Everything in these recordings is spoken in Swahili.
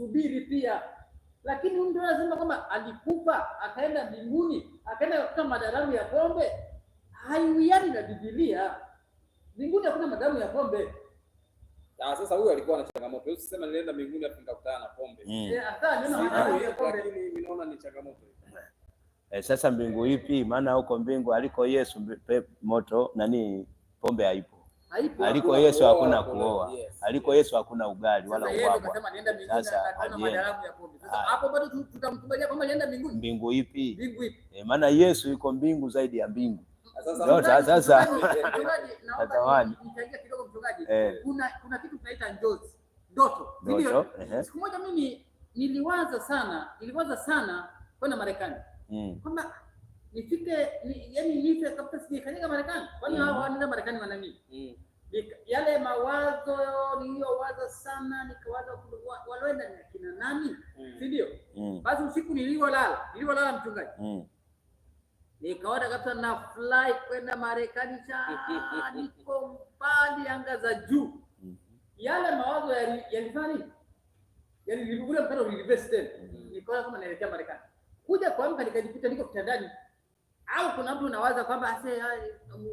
kumsubiri pia, lakini huyu ndio anasema kama alikufa akaenda mbinguni akaenda kama madaramu ya pombe. Haiwiani na Biblia. Mbinguni hakuna madaramu ya pombe. Ah, sasa huyu alikuwa na changamoto. Yesu nilienda mbinguni afu nikakutana na pombe. Mm. Eh, hata lakini ninaona ni changamoto. Eh, sasa mbingu ipi? Maana huko mbingu aliko Yesu moto nani pombe haipo. Aliko Yesu hakuna kuoa, aliko Yesu hakuna ugali wala ubabwa. Sasa hapo bado tutamkubalia kwamba alienda mbinguni? mbingu ipi? Mbingu ipi? Eh, maana Yesu yuko mbingu zaidi ya mbingu. Sasa sasa sasa, eh, eh. kuna kuna kitu tunaita njozi, ndoto. Ndio. Siku moja mimi niliwaza sana, niliwaza sana kwenda Marekani mm. kwamba nifike ni, yani nife kabisa, sijifanyika Marekani, kwani mm. hao wanaenda Marekani wana nini? Mm. Yale mawazo niliyowaza sana, nikawaza walioenda ni akina nani, mm. si ndio? mm. Basi usiku niliolala, niliolala mchungaji, mm. nikaona kabisa na fly kwenda Marekani, cha niko mbali anga za juu. Mm. Yale mawazo yalifanya nini? Yani ule mkano nilivesti tena, nikaona kama naelekea Marekani. Kuja kuamka nikajikuta niko kitandani au kuna mtu unawaza kwamba ase ah, um,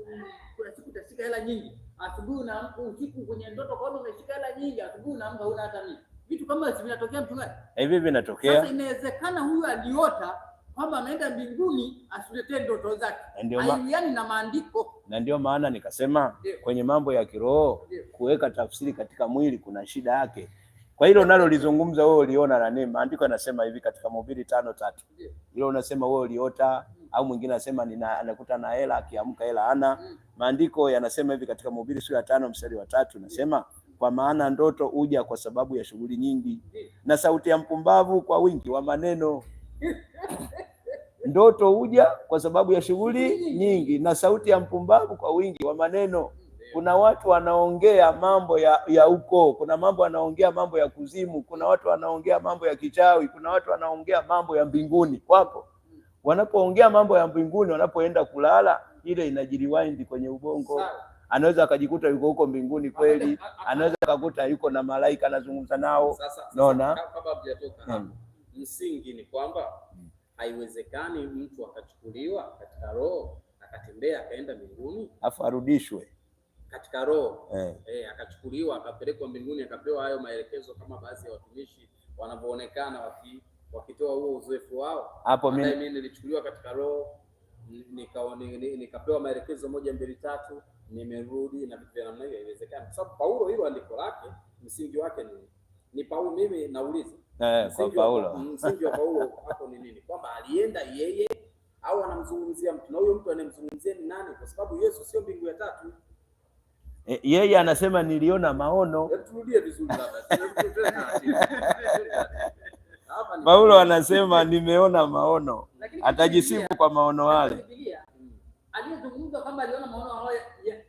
kuna siku utashika hela nyingi, asubuhi na usiku kwenye ndoto ukaona umeshika hela nyingi, asubuhi na unaamka una hata nini. Vitu kama hivi vinatokea, mtu mchungaji, eh, hivi vinatokea. Sasa inawezekana huyu aliota kwamba ameenda mbinguni asiletee ndoto zake, haiwiani na maandiko, na ndio maana nikasema Deo. kwenye mambo ya kiroho kuweka tafsiri katika mwili kuna shida yake. Kwa hilo nalo lizungumza wewe uliona na nini? Maandiko yanasema hivi katika Mhubiri tano tatu, hilo unasema wewe uliota au mwingine anasema nina anakuta na hela, akiamka hela ana. Mm. Maandiko yanasema hivi katika Mhubiri sura ya tano mstari wa tatu nasema kwa maana ndoto huja kwa sababu ya shughuli nyingi, na sauti ya mpumbavu kwa wingi wa maneno. Ndoto huja kwa sababu ya shughuli nyingi, na sauti ya mpumbavu kwa wingi wa maneno. Kuna watu wanaongea mambo ya, ya uko, kuna mambo wanaongea mambo ya kuzimu, kuna watu wanaongea mambo ya kichawi, kuna watu wanaongea mambo ya mbinguni. Wapo wanapoongea mambo ya mbinguni, wanapoenda kulala, ile inajiriwindi kwenye ubongo. Anaweza akajikuta yuko huko mbinguni kweli, anaweza akakuta yuko na malaika anazungumza nao. Naona hmm. msingi ni kwamba haiwezekani mtu akachukuliwa katika roho akatembea akaenda mbinguni afu arudishwe katika roho eh, eh, akachukuliwa akapelekwa mbinguni akapewa hayo maelekezo kama baadhi ya watumishi wanavyoonekana waki wakitoa huo uzoefu wao hapo. Mimi nilichukuliwa katika roho nikapewa nika maelekezo moja mbili tatu, nimerudi na vitu vya namna hiyo. Haiwezekani kwa sababu Paulo, hilo andiko lake msingi wake ni ni Paulo. Mimi nauliza eh, kwa Paulo msingi wa Paulo hapo ni nini? Kwamba alienda yeye au anamzungumzia mtu, na huyo mtu anayemzungumzia ni nani? Kwa sababu Yesu sio mbingu ya tatu. E, yeye anasema niliona maono. Turudie vizuri baba. Paulo anasema nimeona maono, atajisifu kwa maono yale. Aliyezungumza kwamba aliona maono hayo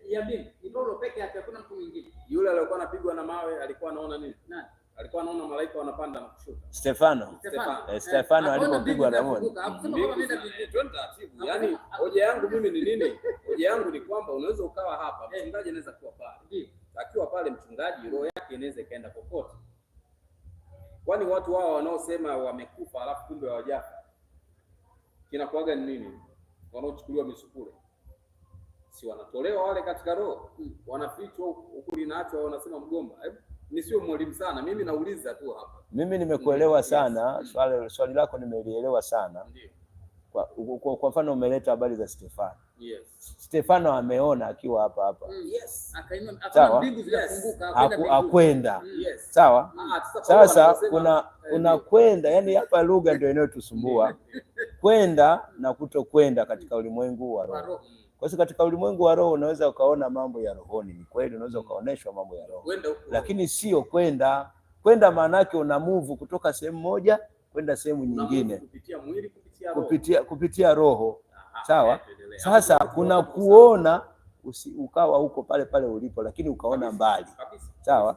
ya mimi ni Paulo pekee yake, hakuna mtu mwingine. Yule aliyokuwa anapigwa na mawe alikuwa anaona nini? Nani? Alikuwa anaona malaika wanapanda na kushuka. Stefano. Stefano Stefano eh, alipopigwa na moto. Eh, yaani, hoja yangu mimi ni nini? Hoja yangu ni kwamba unaweza ukawa hapa, eh. mchungaji anaweza kuwa pale. Akiwa pale mchungaji, roho yake inaweza ikaenda popote. Kwani watu wao wanaosema wamekufa alafu kumbe hawajafa kinakuaga ni nini? Wanaochukuliwa misukule si wanatolewa wale katika roho, hmm. wanafichwa huku linaachwa, wanasema mgomba. Ni sio mwalimu sana, mimi nauliza tu hapa. Mimi nimekuelewa hmm, sana, hmm. swali swali lako nimelielewa sana. kwa, Kwa mfano umeleta habari za Stefano Yes. Stefano ameona akiwa hapa hapa. Mm, mm, yes. Sawa. Akwenda. Ah, ah, yes. Sawa. Sasa kuna eh, kuna kwenda, yani hapa lugha ndio inayotusumbua kwenda na kutokwenda katika ulimwengu wa roho. Kwa sababu katika ulimwengu wa roho unaweza ukaona mambo ya rohoni, ni kweli, unaweza ukaoneshwa mambo ya roho, lakini sio kwenda. Kwenda maana yake una move kutoka sehemu moja kwenda sehemu nyingine kupitia, kupitia, kupitia roho. Sawa. Eh, eh. Sasa kuna kuona usi, ukawa huko pale pale ulipo, lakini ukaona mbali. Sawa.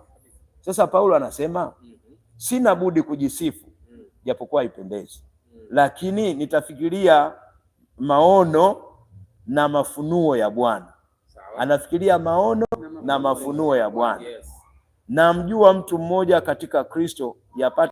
Sasa Paulo anasema mhm. sina budi kujisifu mm. japokuwa haipendezi, mm. lakini nitafikiria maono na mafunuo ya Bwana. Anafikiria maono na mafunuo ya Bwana. Namjua mtu mmoja katika Kristo yapata